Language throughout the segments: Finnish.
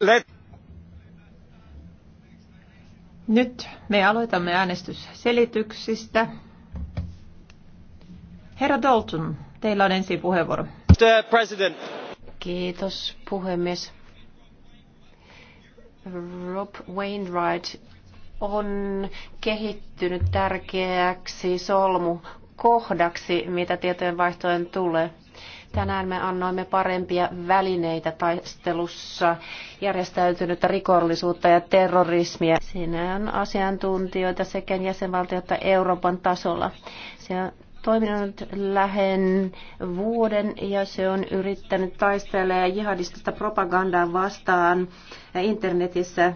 Let... Nyt me aloitamme äänestysselityksistä. Herra Dalton, teillä on ensin puheenvuoro. President. Kiitos, puhemies. Rob Wainwright on kehittynyt tärkeäksi solmukohdaksi, mitä tietojenvaihtojen tulee. Tänään me annoimme parempia välineitä taistelussa järjestäytynyttä rikollisuutta ja terrorismia. Siinä on asiantuntijoita sekä jäsenvaltiota että Euroopan tasolla. Se on toiminut lähen vuoden ja se on yrittänyt taistella jihadistista propagandaa vastaan internetissä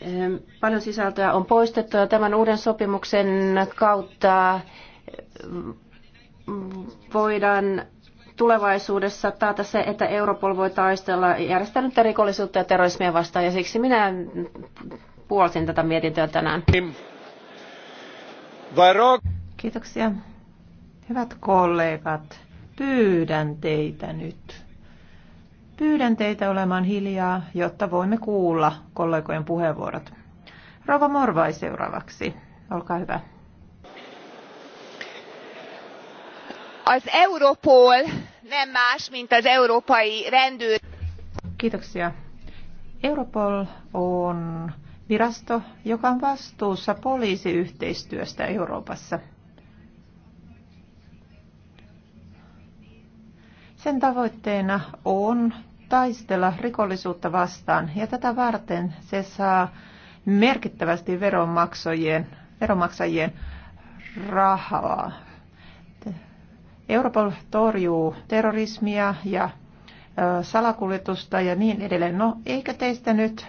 ehm, paljon sisältöä on poistettu ja tämän uuden sopimuksen kautta voidaan tulevaisuudessa taata se, että Europol voi taistella järjestänyttä rikollisuutta ja terrorismia vastaan, ja siksi minä puolsin tätä mietintöä tänään. Kiitoksia. Hyvät kollegat, pyydän teitä nyt. Pyydän teitä olemaan hiljaa, jotta voimme kuulla kollegojen puheenvuorot. Rova Morvai seuraavaksi. Olkaa hyvä. az europol nem más mint az európai rendőr. Kiitoksia. Europol on virasto, joka on vastuussa poliisiyhteistyöstä Euroopassa. Sen tavoitteena on taistella rikollisuutta vastaan ja tätä varten se saa merkittävästi veronmaksajien, veronmaksajien rahaa Europol torjuu terrorismia ja salakuljetusta ja niin edelleen. No, eikö teistä nyt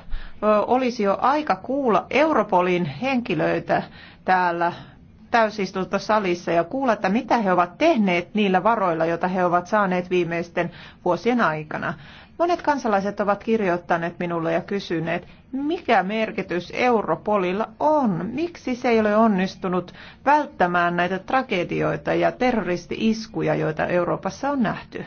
olisi jo aika kuulla Europolin henkilöitä täällä salissa ja kuulla, että mitä he ovat tehneet niillä varoilla, joita he ovat saaneet viimeisten vuosien aikana. Monet kansalaiset ovat kirjoittaneet minulle ja kysyneet, mikä merkitys Europolilla on, miksi se ei ole onnistunut välttämään näitä tragedioita ja terroristi-iskuja, joita Euroopassa on nähty.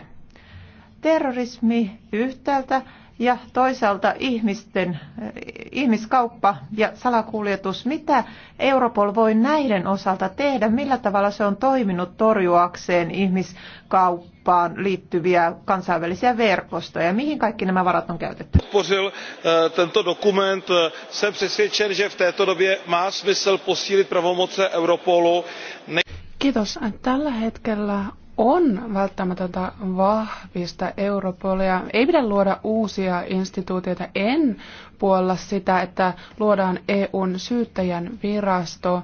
Terrorismi yhtäältä ja toisaalta ihmisten, eh, ihmiskauppa ja salakuljetus. Mitä Europol voi näiden osalta tehdä? Millä tavalla se on toiminut torjuakseen ihmiskauppaan liittyviä kansainvälisiä verkostoja? Mihin kaikki nämä varat on käytetty? Podpořil eh, tento dokument. Eh, jsem přesvědčen, že v této době má smysl posílit pravomoce Europolu. Kiitos. Tällä hetkellä on välttämätöntä vahvista Europolia. Ei pidä luoda uusia instituutioita. En puolla sitä, että luodaan EUn syyttäjän virasto.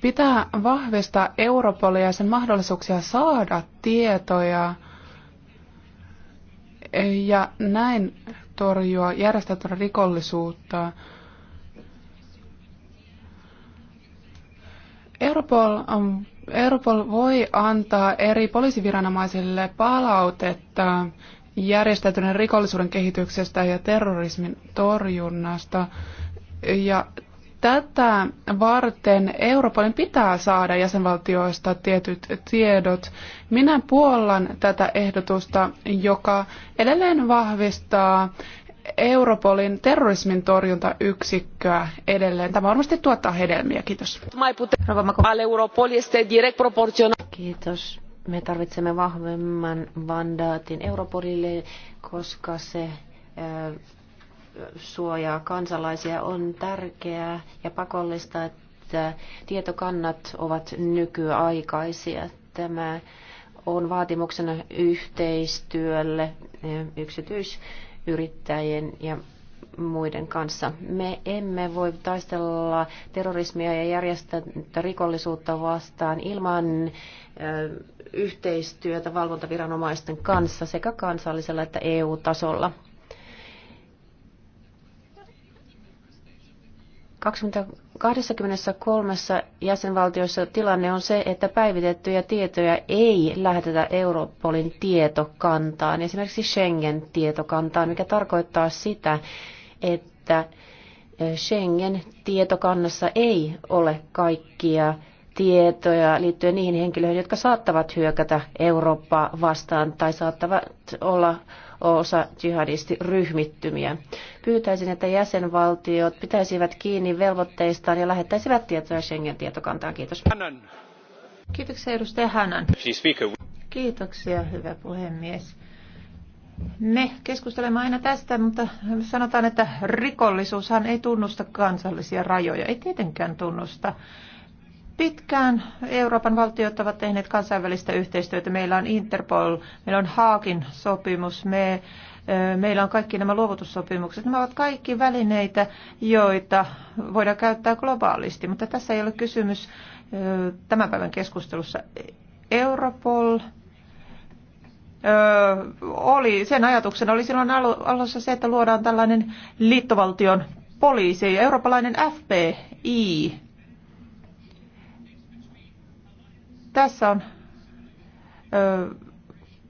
Pitää vahvistaa Europolia ja sen mahdollisuuksia saada tietoja ja näin torjua järjestettyä rikollisuutta. Europol on Europol voi antaa eri poliisiviranomaisille palautetta järjestäytyneen rikollisuuden kehityksestä ja terrorismin torjunnasta. Ja tätä varten Europolin pitää saada jäsenvaltioista tietyt tiedot. Minä puollan tätä ehdotusta, joka edelleen vahvistaa Europolin terrorismin torjuntayksikköä edelleen. Tämä varmasti tuottaa hedelmiä. Kiitos. Kiitos. Me tarvitsemme vahvemman mandaatin Europolille, koska se suojaa kansalaisia. On tärkeää ja pakollista, että tietokannat ovat nykyaikaisia. Tämä on vaatimuksena yhteistyölle yksityis- yrittäjien ja muiden kanssa. Me emme voi taistella terrorismia ja järjestää rikollisuutta vastaan ilman yhteistyötä valvontaviranomaisten kanssa sekä kansallisella että EU-tasolla. 20 23 jäsenvaltiossa tilanne on se, että päivitettyjä tietoja ei lähetetä Europolin tietokantaan, esimerkiksi Schengen-tietokantaan, mikä tarkoittaa sitä, että eh, Schengen-tietokannassa ei ole kaikkia tietoja liittyen niihin henkilöihin, jotka saattavat hyökätä Eurooppaa vastaan tai saattavat olla osa jihadistiryhmittymiä. Pyytäisin, että jäsenvaltiot pitäisivät kiinni velvoitteistaan ja lähettäisivät tietoja Schengen-tietokantaan. Kiitos. Kiitoksia edustaja Hanan. Kiitoksia, hyvä puhemies. Me keskustelemme aina tästä, mutta sanotaan, että rikollisuushan ei tunnusta kansallisia rajoja. Ei tietenkään tunnusta. Pitkään Euroopan valtiot ovat tehneet kansainvälistä yhteistyötä. Meillä on Interpol, meillä on Haakin sopimus, me, meillä on kaikki nämä luovutussopimukset. Nämä ovat kaikki välineitä, joita voidaan käyttää globaalisti, mutta tässä ei ole kysymys tämän päivän keskustelussa. Europol oli, sen ajatuksena oli silloin alussa se, että luodaan tällainen liittovaltion poliisi, eurooppalainen FBI, Tässä on ö,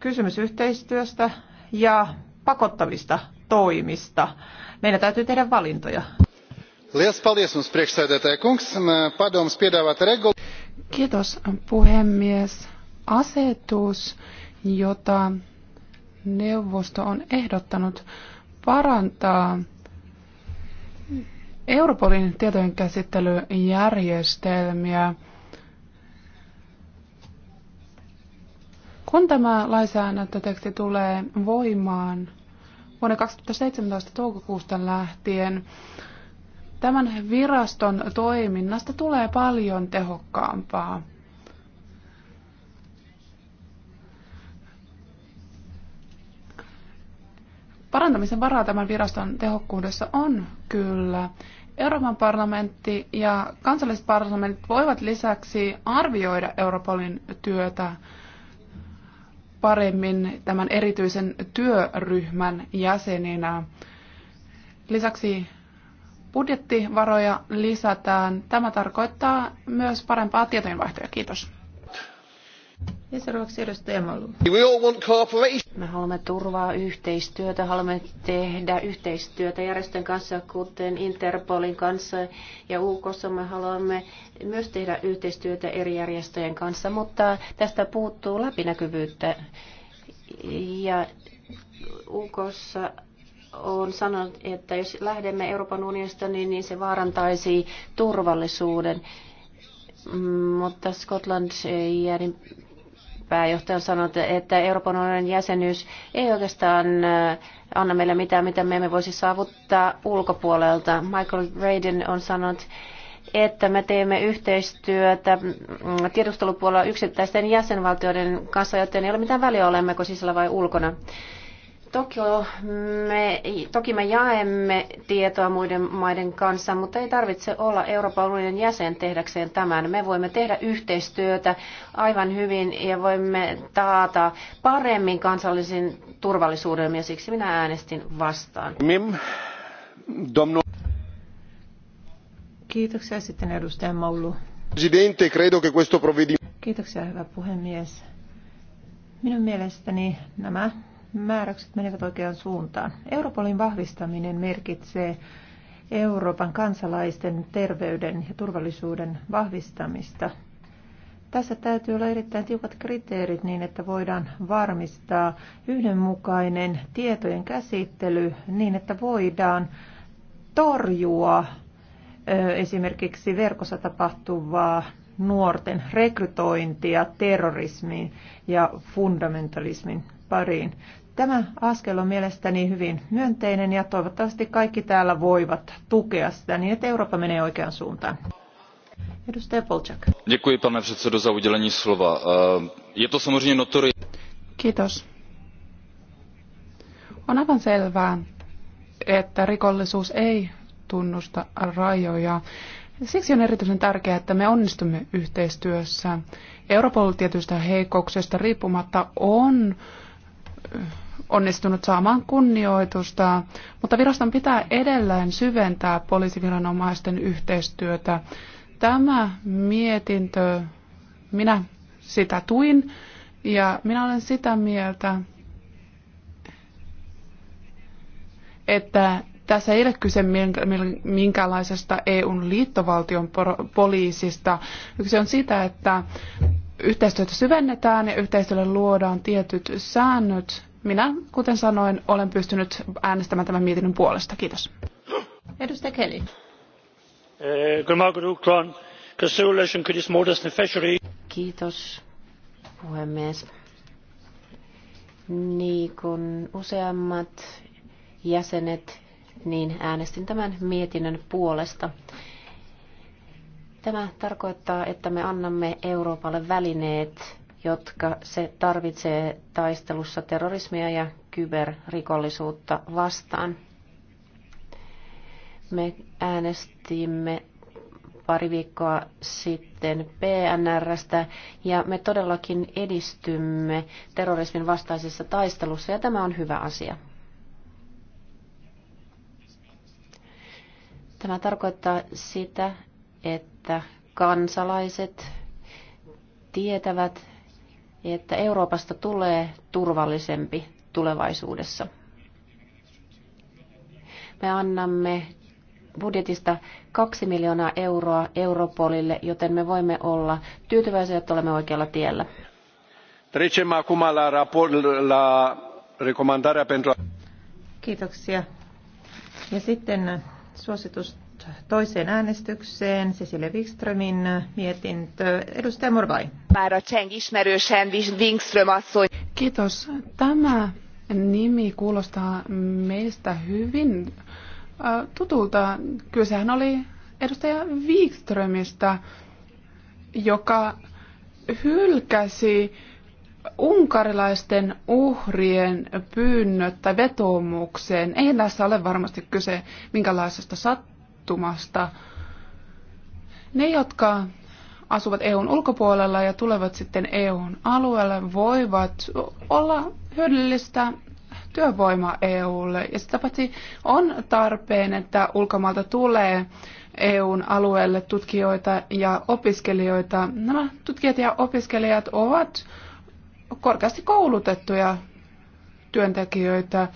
kysymys yhteistyöstä ja pakottavista toimista. Meidän täytyy tehdä valintoja. Kiitos puhemies. Asetus, jota neuvosto on ehdottanut, parantaa Europolin käsittelyjärjestelmiä. Kun tämä lainsäädäntöteksti tulee voimaan vuonna 2017 toukokuusta lähtien, tämän viraston toiminnasta tulee paljon tehokkaampaa. Parantamisen varaa tämän viraston tehokkuudessa on kyllä. Euroopan parlamentti ja kansalliset parlamentit voivat lisäksi arvioida Europolin työtä paremmin tämän erityisen työryhmän jäseninä. Lisäksi budjettivaroja lisätään. Tämä tarkoittaa myös parempaa tietojenvaihtoja. Kiitos. Ja seuraavaksi edustaja Me haluamme turvaa yhteistyötä, haluamme tehdä yhteistyötä järjestön kanssa, kuten Interpolin kanssa ja UKssa. Me haluamme myös tehdä yhteistyötä eri järjestöjen kanssa, mutta tästä puuttuu läpinäkyvyyttä. Ja UKssa on sanonut, että jos lähdemme Euroopan unionista, niin, niin se vaarantaisi turvallisuuden. Mm, mutta Skotland ja pääjohtaja on sanonut, että Euroopan unionin jäsenyys ei oikeastaan äh, anna meille mitään, mitä me emme voisi saavuttaa ulkopuolelta. Michael Raiden on sanonut, että me teemme yhteistyötä mm, tiedustelupuolella yksittäisten jäsenvaltioiden kanssa, joten ei ole mitään väliä, olemmeko sisällä vai ulkona. Toki me, toki me jaemme tietoa muiden maiden kanssa, mutta ei tarvitse olla Euroopan unionin jäsen tehdäkseen tämän. Me voimme tehdä yhteistyötä aivan hyvin ja voimme taata paremmin kansallisen turvallisuuden ja siksi minä äänestin vastaan. Kiitoksia sitten edustaja Maulu. Presidente, credo che questo provvedimento... Kiitoksia hyvä puhemies. Minun mielestäni nämä määräykset menevät oikeaan suuntaan. Europolin vahvistaminen merkitsee Euroopan kansalaisten terveyden ja turvallisuuden vahvistamista. Tässä täytyy olla erittäin tiukat kriteerit niin, että voidaan varmistaa yhdenmukainen tietojen käsittely niin, että voidaan torjua esimerkiksi verkossa tapahtuvaa nuorten rekrytointia terrorismiin ja fundamentalismin pariin. Tämä askel on mielestäni hyvin myönteinen ja toivottavasti kaikki täällä voivat tukea sitä niin, että Eurooppa menee oikeaan suuntaan. Edustaja Polčak. Děkuji, pane předsedo, za udělení slova. Eh, je to samozřejmě notori... Kiitos. On aivan selvää, että rikollisuus ei tunnusta rajoja. Siksi on erityisen tärkeää, että me onnistumme yhteistyössä. Europol tietystä heikkouksesta riippumatta on onnistunut saamaan kunnioitusta, mutta viraston pitää edelleen syventää poliisiviranomaisten yhteistyötä. Tämä mietintö, minä sitä tuin ja minä olen sitä mieltä, että tässä ei ole kyse minkäänlaisesta EUn liittovaltion poliisista. Kyse on sitä, että yhteistyötä syvennetään ja yhteistyölle luodaan tietyt säännöt. Minä, kuten sanoin, olen pystynyt äänestämään tämän mietinnön puolesta. Kiitos. Edustaja Kelly. Eh, Kiitos, puhemies. Niin kuin useammat jäsenet, niin äänestin tämän mietinnön puolesta. Tämä tarkoittaa, että me annamme Euroopalle välineet, jotka se tarvitsee taistelussa terrorismia ja kyberrikollisuutta vastaan. Me äänestimme pari viikkoa sitten PNRstä ja me todellakin edistymme terrorismin vastaisessa taistelussa ja tämä on hyvä asia. Tämä tarkoittaa sitä, että kansalaiset tietävät, että Euroopasta tulee turvallisempi tulevaisuudessa. Me annamme budjetista kaksi miljoonaa euroa Europolille, joten me voimme olla tyytyväisiä, että olemme oikealla tiellä. Kiitoksia. Ja sitten suositus toiseen äänestykseen. Cecilia Wikströmin mietintö. Edustaja Morvai. Kiitos. Tämä nimi kuulostaa meistä hyvin tutulta. Kysehän oli edustaja Wikströmistä, joka hylkäsi unkarilaisten uhrien pyynnöt tai vetoomukseen. Ei tässä ole varmasti kyse minkälaisesta sattumasta tapahtumasta. Ne, jotka asuvat EUn ulkopuolella ja tulevat sitten EUn alueelle, voivat olla hyödyllistä työvoimaa EUlle. Ja sitä paitsi on tarpeen, että ulkomaalta tulee EUn alueelle tutkijoita ja opiskelijoita. Nämä tutkijat ja opiskelijat ovat korkeasti koulutettuja työntekijöitä.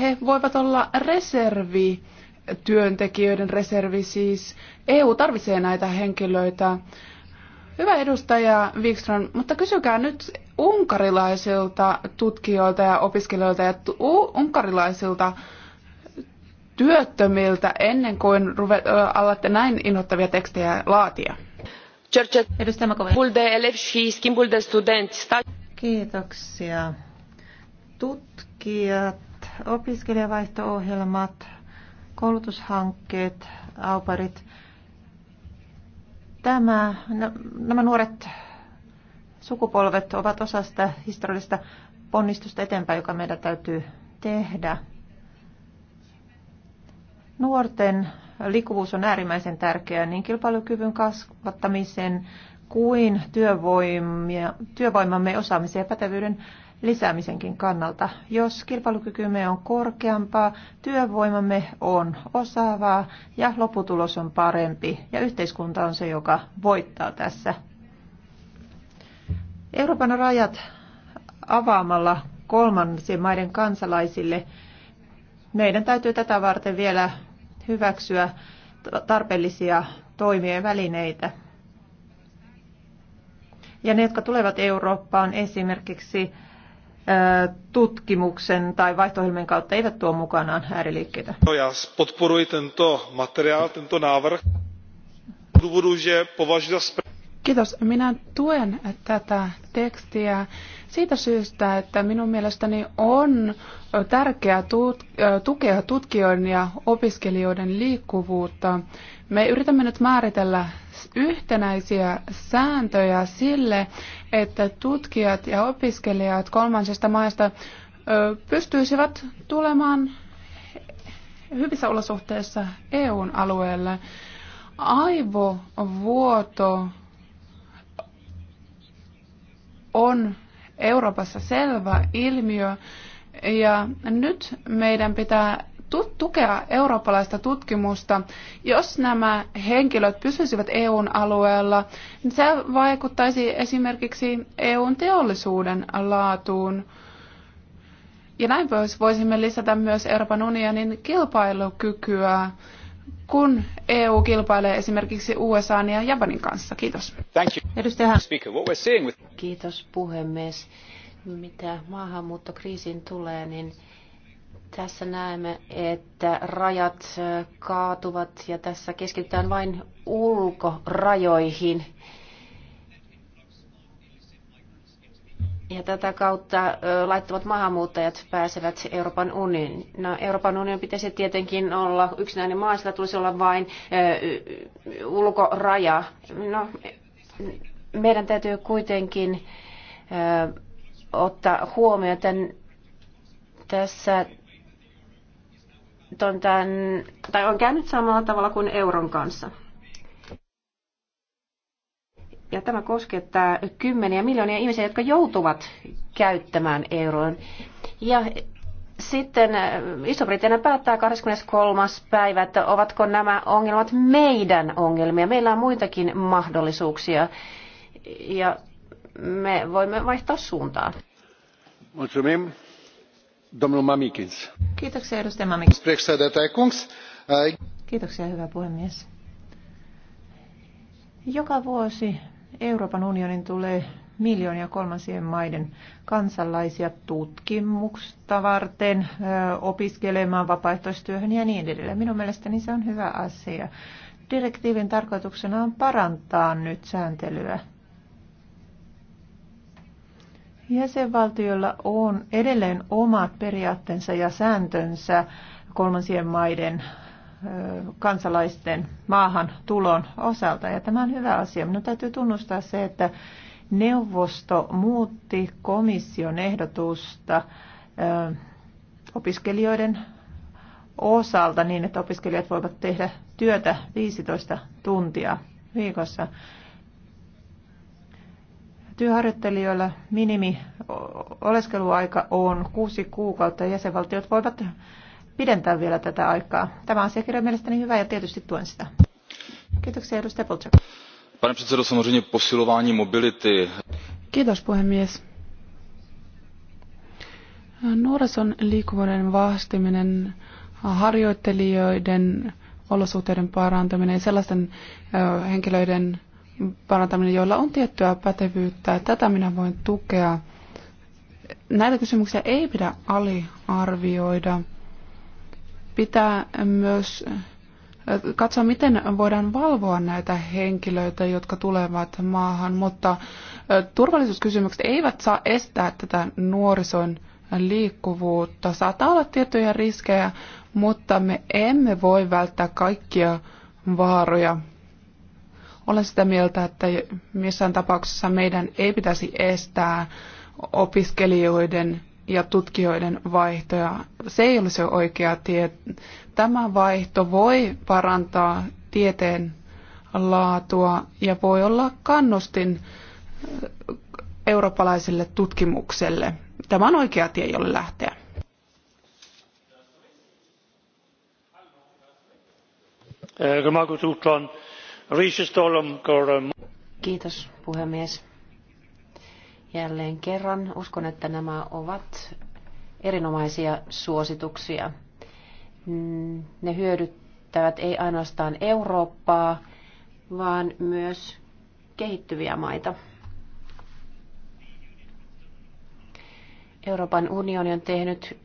He voivat olla reservi työntekijöiden reservi siis. EU tarvitsee näitä henkilöitä. Hyvä edustaja Wikström, mutta kysykää nyt unkarilaisilta tutkijoilta ja opiskelijoilta ja unkarilaisilta työttömiltä ennen kuin ruve- alatte näin innoittavia tekstejä laatia. Kiitoksia. Tutkijat, opiskelijavaihto-ohjelmat, koulutushankkeet, auparit. Tämä, nämä nuoret sukupolvet ovat osa sitä historiallista ponnistusta eteenpäin, joka meidän täytyy tehdä. Nuorten liikkuvuus on äärimmäisen tärkeää niin kilpailukyvyn kasvattamisen kuin työvoimia, työvoimamme osaamisen ja pätevyyden lisäämisenkin kannalta. Jos kilpailukykymme on korkeampaa, työvoimamme on osaavaa ja lopputulos on parempi ja yhteiskunta on se, joka voittaa tässä. Euroopan rajat avaamalla kolmansien maiden kansalaisille meidän täytyy tätä varten vielä hyväksyä tarpeellisia toimia ja välineitä. Ja ne, jotka tulevat Eurooppaan esimerkiksi tutkimuksen tai vaihtoehtojen kautta eivät tuo mukanaan ääriliikkeitä. No já podporuji tento materiál, tento návrh. Důvodu, že považuji za Kiitos. Minä tuen tätä tekstiä siitä syystä, että minun mielestäni on tärkeää tukea tutkijoiden ja opiskelijoiden liikkuvuutta. Me yritämme nyt määritellä yhtenäisiä sääntöjä sille, että tutkijat ja opiskelijat kolmansista maista pystyisivät tulemaan hyvissä olosuhteissa EUn alueelle. Aivovuoto on Euroopassa selvä ilmiö ja nyt meidän pitää tukea eurooppalaista tutkimusta. Jos nämä henkilöt pysyisivät EUn alueella, niin se vaikuttaisi esimerkiksi EUn teollisuuden laatuun. Ja näin voisimme lisätä myös Euroopan unionin kilpailukykyä, kun EU kilpailee esimerkiksi USA ja Japanin kanssa. Kiitos. Thank you. Edustaja. Kiitos puhemies. Mitä maahanmuuttokriisiin tulee, niin tässä näemme, että rajat kaatuvat ja tässä keskitytään vain ulkorajoihin. Ja tätä kautta laittomat maahanmuuttajat pääsevät Euroopan unioniin. No, Euroopan unionin pitäisi tietenkin olla yksinäinen maa, sillä tulisi olla vain ulkoraja. No, meidän täytyy kuitenkin ottaa huomioon, että tässä ton tämän, tai on käynyt samalla tavalla kuin euron kanssa. Ja tämä koskettaa kymmeniä miljoonia ihmisiä, jotka joutuvat käyttämään euroon. Ja sitten äh, Iso-Britannia päättää 23. päivä, että ovatko nämä ongelmat meidän ongelmia. Meillä on muitakin mahdollisuuksia ja me voimme vaihtaa suuntaa. Mulțumim. Kiitoksia, Kiitoksia, hyvä puhemies. Joka vuosi Euroopan unionin tulee miljoonia kolmansien maiden kansalaisia tutkimusta varten, opiskelemaan vapaaehtoistyöhön ja niin edelleen. Minun mielestäni se on hyvä asia. Direktiivin tarkoituksena on parantaa nyt sääntelyä Jäsenvaltioilla on edelleen omat periaatteensa ja sääntönsä kolmansien maiden kansalaisten maahan tulon osalta. Ja tämä on hyvä asia. Minun täytyy tunnustaa se, että neuvosto muutti komission ehdotusta opiskelijoiden osalta niin, että opiskelijat voivat tehdä työtä 15 tuntia viikossa. Työharjoittelijoilla minimi oleskeluaika on kuusi kuukautta ja jäsenvaltiot voivat pidentää vielä tätä aikaa. Tämä asiakirja on mielestäni hyvä ja tietysti tuen sitä. Kiitoksia edustaja Polczak. Pane předsedo, samozřejmě posilování mobility. Kiitos puhemies. Nuorison liikkuvuuden vahvistaminen, harjoittelijoiden olosuhteiden parantaminen ja sellaisten henkilöiden parantaminen, joilla on tiettyä pätevyyttä. Tätä minä voin tukea. Näitä kysymyksiä ei pidä aliarvioida. Pitää myös katsoa, miten voidaan valvoa näitä henkilöitä, jotka tulevat maahan, mutta turvallisuuskysymykset eivät saa estää tätä nuorison liikkuvuutta. Saattaa olla tiettyjä riskejä, mutta me emme voi välttää kaikkia vaaroja. Olen sitä mieltä, että missään tapauksessa meidän ei pitäisi estää opiskelijoiden ja tutkijoiden vaihtoja. Se ei ole se oikea tie. Tämä vaihto voi parantaa tieteen laatua ja voi olla kannustin äh, eurooppalaiselle tutkimukselle. Tämä on oikea tie, jolle lähteä. Äh, Kiitos puhemies. Jälleen kerran uskon, että nämä ovat erinomaisia suosituksia. Mm, ne hyödyttävät ei ainoastaan Eurooppaa, vaan myös kehittyviä maita. Euroopan unioni on tehnyt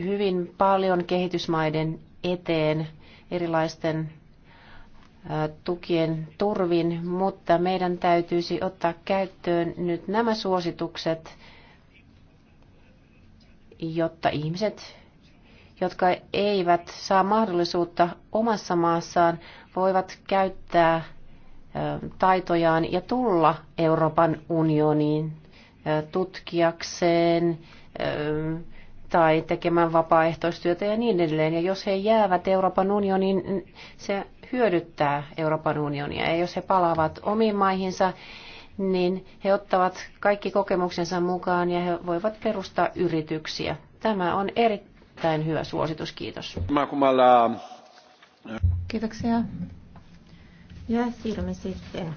hyvin paljon kehitysmaiden eteen erilaisten tukien turvin, mutta meidän täytyisi ottaa käyttöön nyt nämä suositukset, jotta ihmiset, jotka eivät saa mahdollisuutta omassa maassaan, voivat käyttää taitojaan ja tulla Euroopan unioniin tutkijakseen, tai tekemään vapaaehtoistyötä ja niin edelleen. Ja jos he jäävät Euroopan unioniin, se hyödyttää Euroopan unionia. Ja jos he palaavat omiin maihinsa, niin he ottavat kaikki kokemuksensa mukaan ja he voivat perustaa yrityksiä. Tämä on erittäin hyvä suositus. Kiitos. Kiitoksia. Ja siirrymme sitten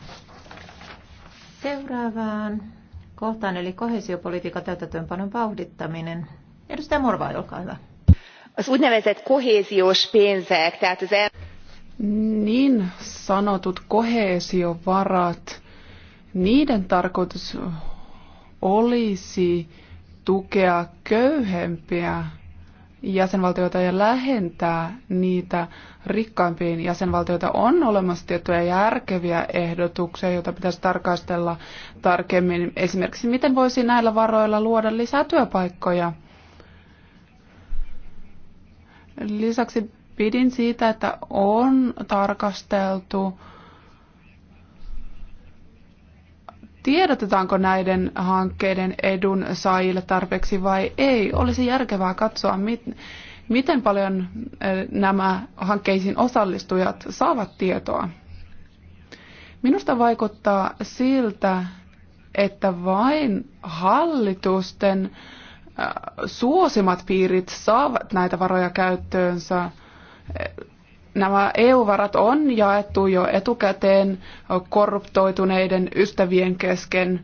seuraavaan kohtaan, eli kohesiopolitiikan täytäntöönpanon vauhdittaminen. Edustaja Morvai, olkaa hyvä. Az úgynevezett kohéziós pénzek, tehát az el... Niin sanotut koheesiovarat, niiden tarkoitus olisi tukea köyhempiä jäsenvaltioita ja lähentää niitä rikkaampiin jäsenvaltioita. On olemassa tiettyjä järkeviä ehdotuksia, joita pitäisi tarkastella tarkemmin. Esimerkiksi, miten voisi näillä varoilla luoda lisää työpaikkoja – Lisäksi pidin siitä, että on tarkasteltu, tiedotetaanko näiden hankkeiden edun saajille tarpeeksi vai ei. Olisi järkevää katsoa, miten paljon eh, nämä hankkeisiin osallistujat saavat tietoa. Minusta vaikuttaa siltä, että vain hallitusten suosimat piirit saavat näitä varoja käyttöönsä. Nämä EU-varat on jaettu jo etukäteen korruptoituneiden ystävien kesken.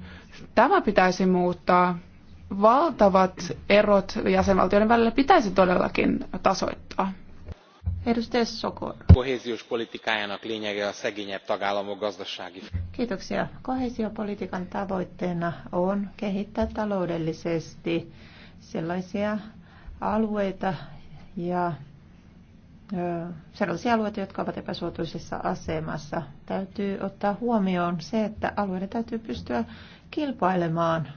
Tämä pitäisi muuttaa. Valtavat erot jäsenvaltioiden välillä pitäisi todellakin tasoittaa. Edustaja Sokor. Kohesiopolitiikájának lényege a tagállamok gazdasági... Kiitoksia. Kohesiopolitiikan tavoitteena on kehittää taloudellisesti sellaisia alueita ja sellaisia alueita, jotka ovat epäsuotuisessa asemassa. Täytyy ottaa huomioon se, että alueiden täytyy pystyä kilpailemaan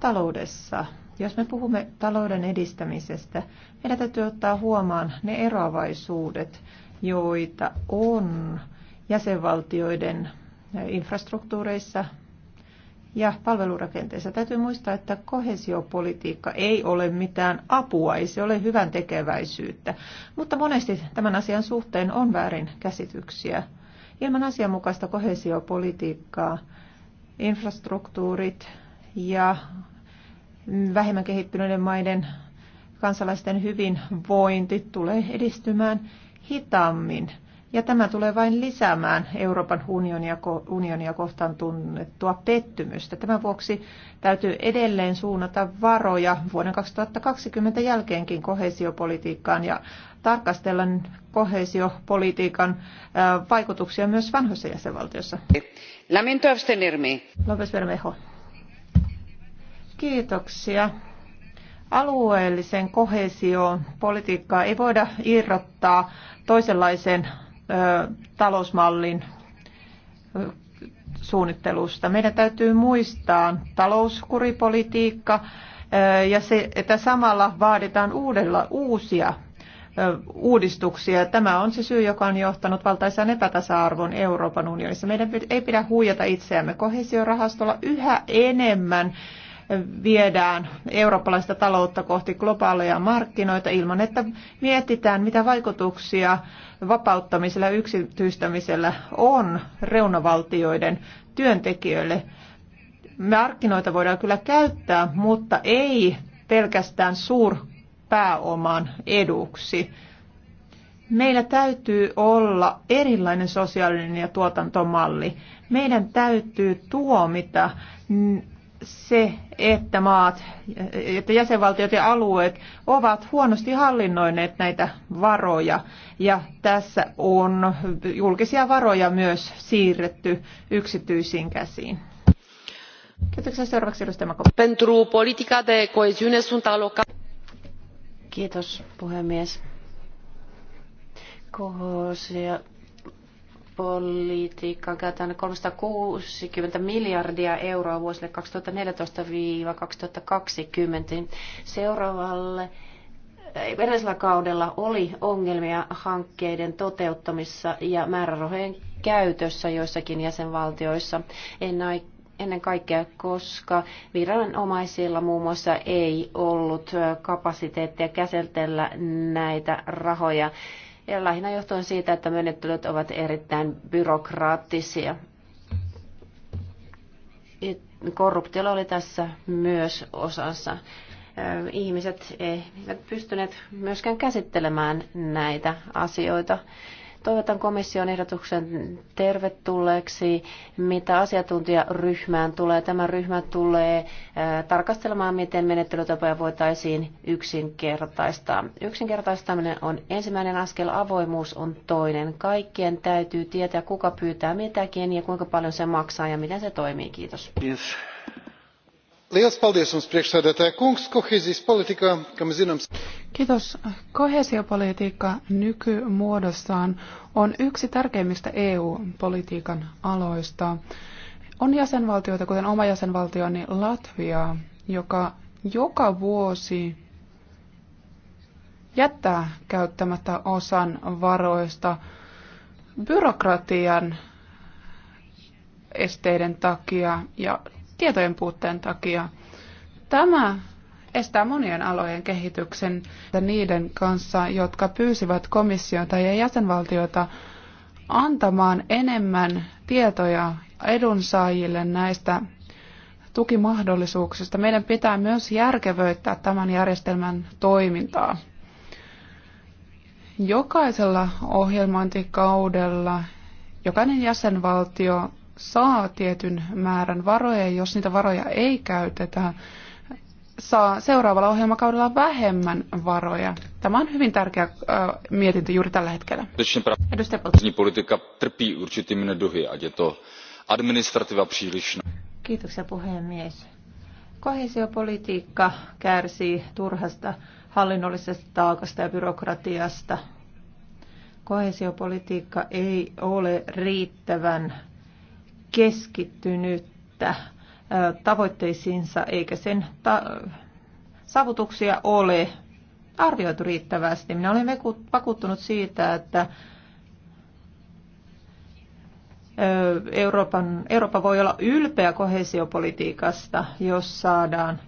taloudessa. Jos me puhumme talouden edistämisestä, meidän täytyy ottaa huomaan ne eroavaisuudet, joita on jäsenvaltioiden infrastruktuureissa, ja palvelurakenteessa. Täytyy muistaa, että kohesiopolitiikka ei ole mitään apua, ei se ole hyvän tekeväisyyttä, mutta monesti tämän asian suhteen on väärin käsityksiä. Ilman asianmukaista kohesiopolitiikkaa infrastruktuurit ja vähemmän kehittyneiden maiden kansalaisten hyvinvointi tulee edistymään hitaammin ja tämä tulee vain lisäämään Euroopan unionia, unionia kohtaan tunnettua pettymystä. Tämän vuoksi täytyy edelleen suunnata varoja vuoden 2020 jälkeenkin kohesiopolitiikkaan ja tarkastella kohesiopolitiikan vaikutuksia myös vanhoissa jäsenvaltiossa. Kiitoksia alueellisen kohesiopolitiikkaa ei voida irrottaa toisenlaiseen talousmallin suunnittelusta. Meidän täytyy muistaa talouskuripolitiikka ja se, että samalla vaaditaan uudella, uusia uudistuksia. Tämä on se syy, joka on johtanut valtaisaan epätasa-arvoon Euroopan unionissa. Meidän ei pidä huijata itseämme. Kohesiorahastolla yhä enemmän viedään eurooppalaista taloutta kohti globaaleja markkinoita ilman, että mietitään, mitä vaikutuksia vapauttamisella ja yksityistämisellä on reunavaltioiden työntekijöille. Markkinoita voidaan kyllä käyttää, mutta ei pelkästään suurpääoman eduksi. Meillä täytyy olla erilainen sosiaalinen ja tuotantomalli. Meidän täytyy tuomita se, että maat, että jäsenvaltiot ja alueet ovat huonosti hallinnoineet näitä varoja. Ja tässä on julkisia varoja myös siirretty yksityisiin käsiin. Kiitoksia seuraavaksi edustaja Pentru politica de coeziune sunt Kiitos puhemies. Kohosia kehityspolitiikkaan käytetään 360 miljardia euroa vuosille 2014-2020. Seuraavalle edellisellä kaudella oli ongelmia hankkeiden toteuttamissa ja määrärahojen käytössä joissakin jäsenvaltioissa ennen kaikkea, koska viranomaisilla muun muassa ei ollut kapasiteettia käsitellä näitä rahoja ja lähinnä johtuen siitä, että menettelyt ovat erittäin byrokraattisia. Korruptiolla oli tässä myös osassa. Ihmiset eivät pystyneet myöskään käsittelemään näitä asioita. Toivotan komission ehdotuksen tervetulleeksi, mitä asiantuntijaryhmään tulee. Tämä ryhmä tulee äh, tarkastelemaan, miten menettelytapoja voitaisiin yksinkertaistaa. Yksinkertaistaminen on ensimmäinen askel, avoimuus on toinen. Kaikkien täytyy tietää, kuka pyytää mitäkin ja kuinka paljon se maksaa ja miten se toimii. Kiitos. Yes. Kiitos. Koheesiopolitiikka nykymuodossaan on yksi tärkeimmistä EU-politiikan aloista. On jäsenvaltioita, kuten oma jäsenvaltioni Latvia, joka joka vuosi jättää käyttämättä osan varoista byrokratian esteiden takia ja tietojen puutteen takia. Tämä estää monien alojen kehityksen niiden kanssa, jotka pyysivät komissiota ja jäsenvaltiota antamaan enemmän tietoja edunsaajille näistä tukimahdollisuuksista. Meidän pitää myös järkevöittää tämän järjestelmän toimintaa. Jokaisella ohjelmointikaudella jokainen jäsenvaltio saa tietyn määrän varoja, jos niitä varoja ei käytetä, saa seuraavalla ohjelmakaudella vähemmän varoja. Tämä on hyvin tärkeä äh, mietintö juuri tällä hetkellä. Edustaja politiikka administrativa no- Kiitoksia puhemies. Kohesiopolitiikka kärsii turhasta hallinnollisesta taakasta ja byrokratiasta. Kohesiopolitiikka ei ole riittävän keskittynyttä tavoitteisiinsa eikä sen saavutuksia ole arvioitu riittävästi. Minä olen vakuuttunut siitä, että Euroopan, Eurooppa voi olla ylpeä kohesiopolitiikasta, jos saadaan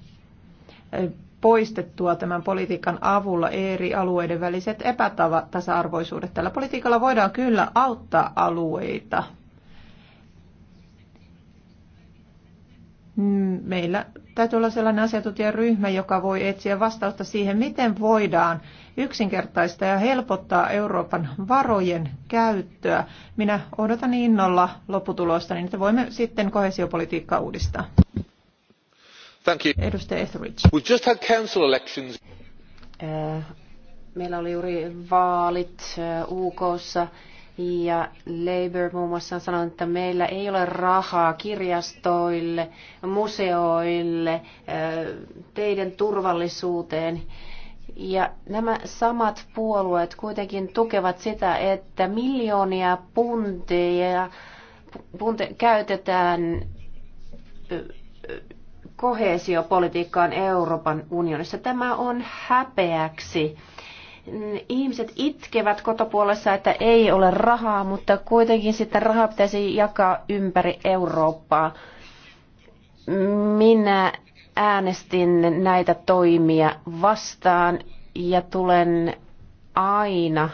poistettua tämän politiikan avulla eri alueiden väliset epätasa-arvoisuudet. Tällä politiikalla voidaan kyllä auttaa alueita Mm, meillä täytyy olla sellainen asiantuntijaryhmä, joka voi etsiä vastausta siihen, miten voidaan yksinkertaista ja helpottaa Euroopan varojen käyttöä. Minä odotan innolla lopputulosta, niin että voimme sitten kohesiopolitiikkaa uudistaa. Thank you. Edustaja Etheridge. We just had council elections. Äh, meillä oli juuri vaalit äh, UKssa. Uh, ja Labour muun muassa on sanonut, että meillä ei ole rahaa kirjastoille, museoille, teidän turvallisuuteen. Ja nämä samat puolueet kuitenkin tukevat sitä, että miljoonia punteja punte, käytetään kohesiopolitiikkaan Euroopan unionissa. Tämä on häpeäksi Ihmiset itkevät kotopuolessa, että ei ole rahaa, mutta kuitenkin sitten rahaa pitäisi jakaa ympäri Eurooppaa. Minä äänestin näitä toimia vastaan ja tulen aina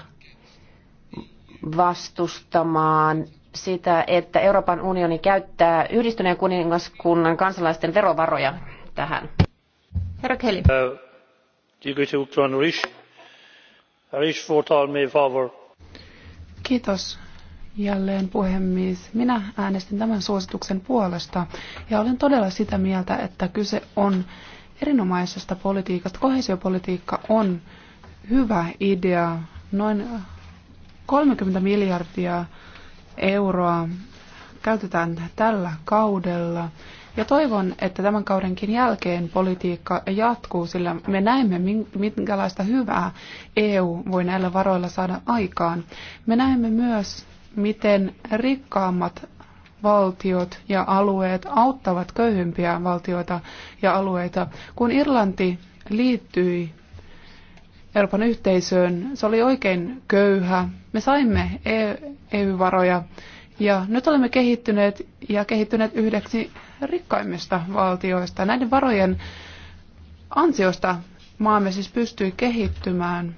vastustamaan sitä, että Euroopan unioni käyttää yhdistyneen kuningaskunnan kansalaisten verovaroja tähän. Herra Kelly. Äh, Kiitos jälleen puhemies. Minä äänestin tämän suosituksen puolesta ja olen todella sitä mieltä, että kyse on erinomaisesta politiikasta. koheesiopolitiikka on hyvä idea. Noin 30 miljardia euroa käytetään tällä kaudella ja toivon, että tämän kaudenkin jälkeen politiikka jatkuu, sillä me näemme, minkälaista hyvää EU voi näillä varoilla saada aikaan. Me näemme myös, miten rikkaammat valtiot ja alueet auttavat köyhimpiä valtioita ja alueita. Kun Irlanti liittyi Euroopan yhteisöön, se oli oikein köyhä. Me saimme EU-varoja. E EU ja nyt olemme kehittyneet ja kehittyneet yhdeksi rikkaimmista valtioista. Näiden varojen ansiosta maamme siis pystyy kehittymään.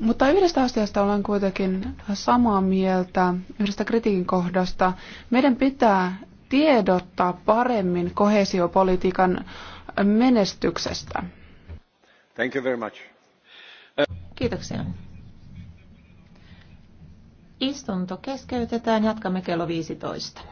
Mutta yhdestä asiasta olen kuitenkin samaa mieltä, yhdestä kritiikin kohdasta. Meidän pitää tiedottaa paremmin kohesiopolitiikan menestyksestä. Thank you very much. Kiitoksia. Istunto keskeytetään. Jatkamme kello 15.